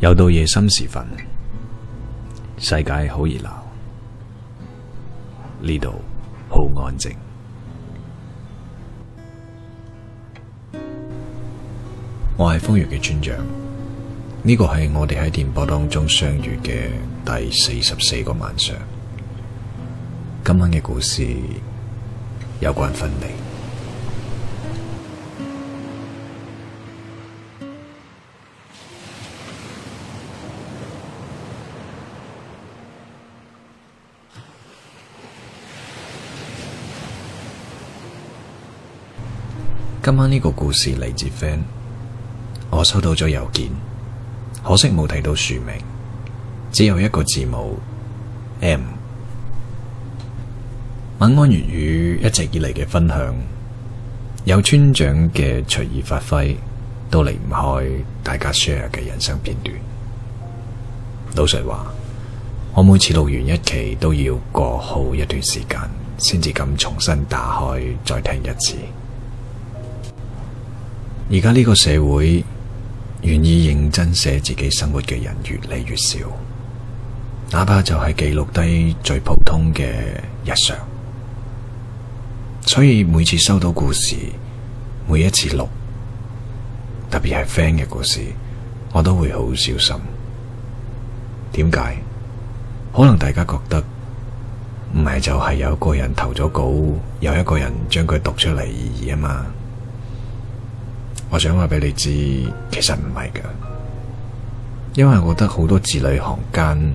又到夜深時分，世界好熱鬧，呢度好安靜。 我係瘋粵嘅村長，呢個係我哋喺電波當中相遇嘅第四十四個晚上。今晚嘅故事有關分離。今晚呢個故事嚟自 FAN，我收到咗郵件，可惜冇睇到署名，只有一個字母 M。晚安粵語一直以嚟嘅分享，有村長嘅隨意發揮，都離唔開大家 share 嘅人生片段。老實話，我每次錄完一期，都要過好一段時間，先至敢重新打開再聽一次。而家呢個社會，願意認真寫自己生活嘅人越嚟越少，哪怕就係記錄低最普通嘅日常。所以每次收到故事，每一次錄，特別係 friend 嘅故事，我都會好小心。點解？可能大家覺得唔係就係有一個人投咗稿，有一個人將佢讀出嚟而已啊嘛。我想話俾你知，其實唔係噶，因為我覺得好多字裏行間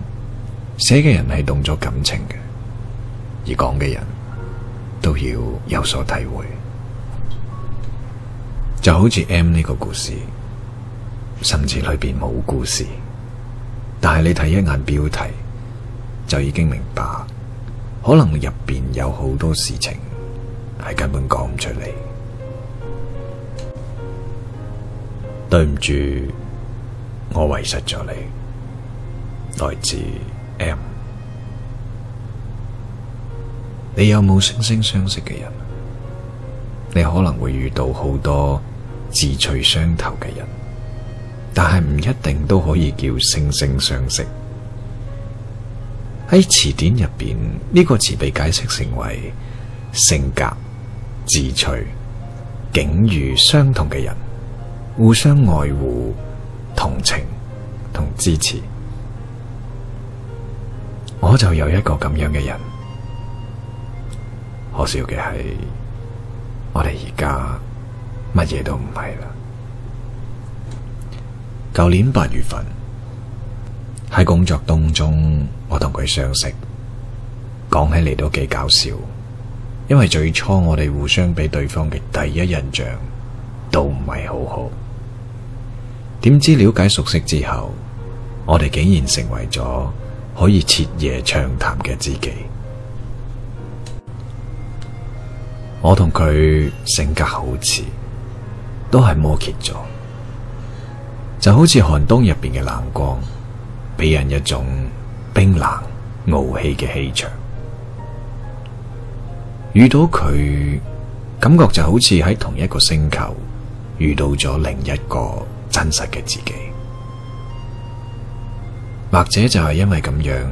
寫嘅人係動咗感情嘅，而講嘅人都要有所體會。就好似 M 呢個故事，甚至裏邊冇故事，但係你睇一眼標題就已經明白，可能入邊有好多事情係根本講唔出嚟。對唔住，我遺失咗你。來自 M，你有冇惺惺相惜嘅人？你可能會遇到好多志趣相投嘅人，但係唔一定都可以叫惺惺相惜。喺詞典入邊，呢個詞被解釋成為性格、志趣、境遇相同嘅人。互相愛護、同情同支持，我就有一個咁樣嘅人。可笑嘅係，我哋而家乜嘢都唔係啦。舊年八月份喺工作當中，我同佢相識，講起嚟都幾搞笑，因為最初我哋互相俾對方嘅第一印象都唔係好好。點知了解熟悉之後，我哋竟然成為咗可以徹夜暢談嘅知己。我同佢性格好似，都係摩羯座，就好似寒冬入邊嘅冷光，俾人一種冰冷傲氣嘅氣場。遇到佢，感覺就好似喺同一個星球遇到咗另一個。真實嘅自己，或者就係因為咁樣，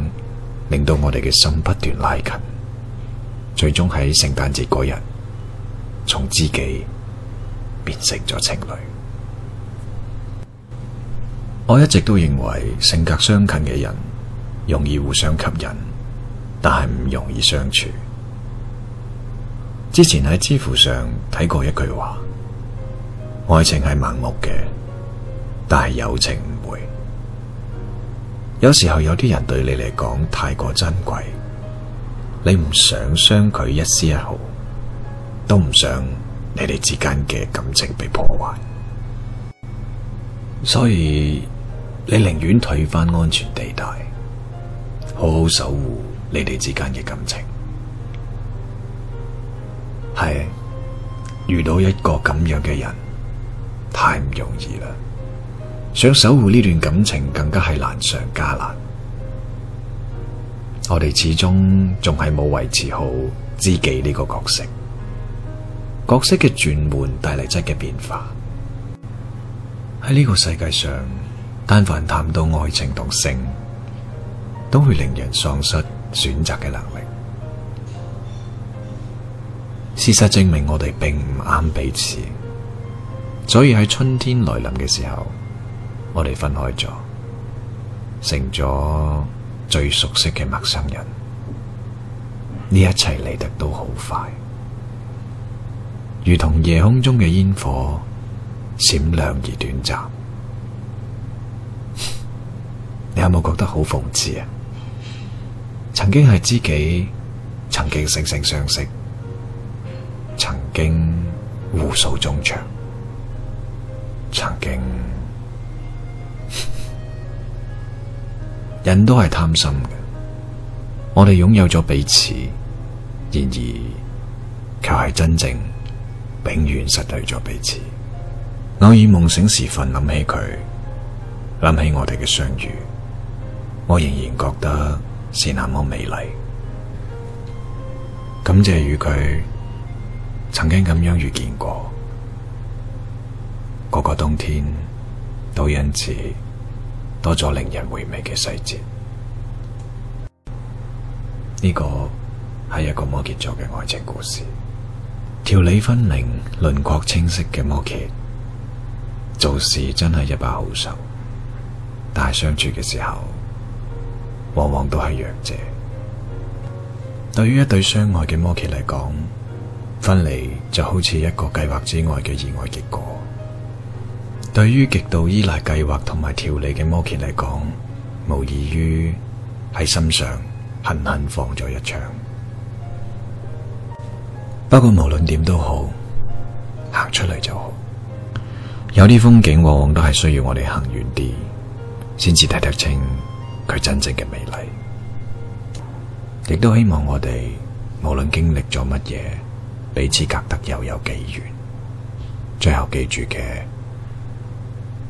令到我哋嘅心不斷拉近，最終喺聖誕節嗰日，從知己變成咗情侶。我一直都認為性格相近嘅人容易互相吸引，但係唔容易相處。之前喺知乎上睇過一句話：愛情係盲目嘅。但係友情唔會，有時候有啲人對你嚟講太過珍貴，你唔想傷佢一絲一毫，都唔想你哋之間嘅感情被破壞，所以你寧願退返安全地帶，好好守護你哋之間嘅感情。係，遇到一個咁樣嘅人，太唔容易啦。想守護呢段感情，更加係難上加難。我哋始終仲係冇維持好知己呢個角色，角色嘅轉換帶嚟質嘅變化。喺呢個世界上，但凡談到愛情同性，都會令人喪失選擇嘅能力。事實證明，我哋並唔啱彼此，所以喺春天來臨嘅時候。我哋分開咗，成咗最熟悉嘅陌生人。呢一切嚟得都好快，如同夜空中嘅煙火，閃亮而短暫。你有冇覺得好諷刺啊？曾經係知己，曾經惺惺相惜，曾經互訴衷腸，曾經。人都係貪心嘅，我哋擁有咗彼此，然而卻係真正永遠失去咗彼此。偶爾夢醒時分諗起佢，諗起我哋嘅相遇，我仍然覺得是那麼美麗。感謝與佢曾經咁樣遇見過，嗰個冬天都因此多咗令人回味嘅細節，呢個係一個摩羯座嘅愛情故事，條理分明、輪廓清晰嘅摩羯，做事真係一把好手，但係相處嘅時候，往往都係弱者。對於一對相愛嘅摩羯嚟講，分離就好似一個計劃之外嘅意外結果。對於極度依賴計劃同埋條理嘅摩羯嚟講，無異於喺心上狠狠放咗一槍。不過，無論點都好，行出嚟就好。有啲風景往往都係需要我哋行遠啲，先至睇得清佢真正嘅美麗。亦都希望我哋無論經歷咗乜嘢，彼此隔得又有幾遠，最後記住嘅。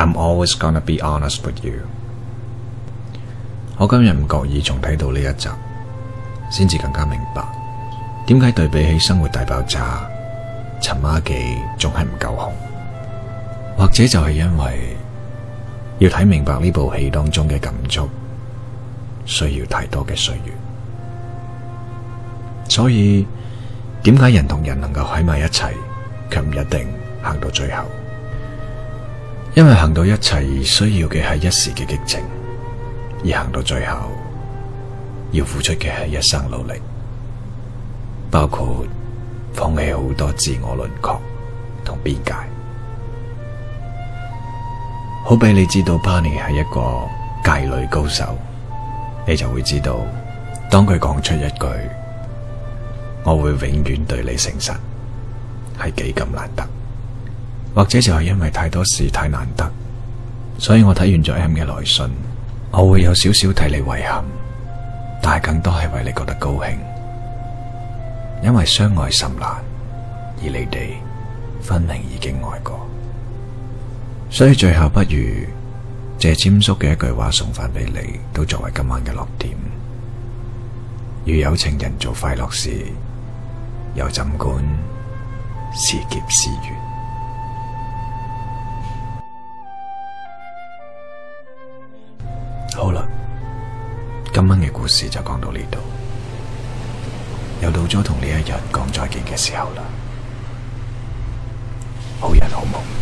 I'm always gonna be honest with you。我今日唔覺意重睇到呢一集，先至更加明白，點解對比起《生活大爆炸》，尋媽記仲係唔夠紅，或者就係因為要睇明白呢部戲當中嘅感觸，需要太多嘅歲月，所以點解人同人能夠喺埋一齊，卻唔一定行到最後。因為行到一齊需要嘅係一時嘅激情，而行到最後要付出嘅係一生努力，包括放棄好多自我輪廓同邊界。好比你知道巴尼 n 係一個界女高手，你就會知道，當佢講出一句我會永遠對你誠實，係幾咁難得。或者就係因為太多事太難得，所以我睇完咗 M 嘅來信，我會有少少替你遺憾，但係更多係為你覺得高興，因為相愛甚難，而你哋分明已經愛過，所以最後不如借詹叔嘅一句話送返俾你，都作為今晚嘅落點。與有情人做快樂事，又怎管是劫是緣？今晚嘅故事就講到呢度，又到咗同呢一日講再見嘅時候啦，好人好夢。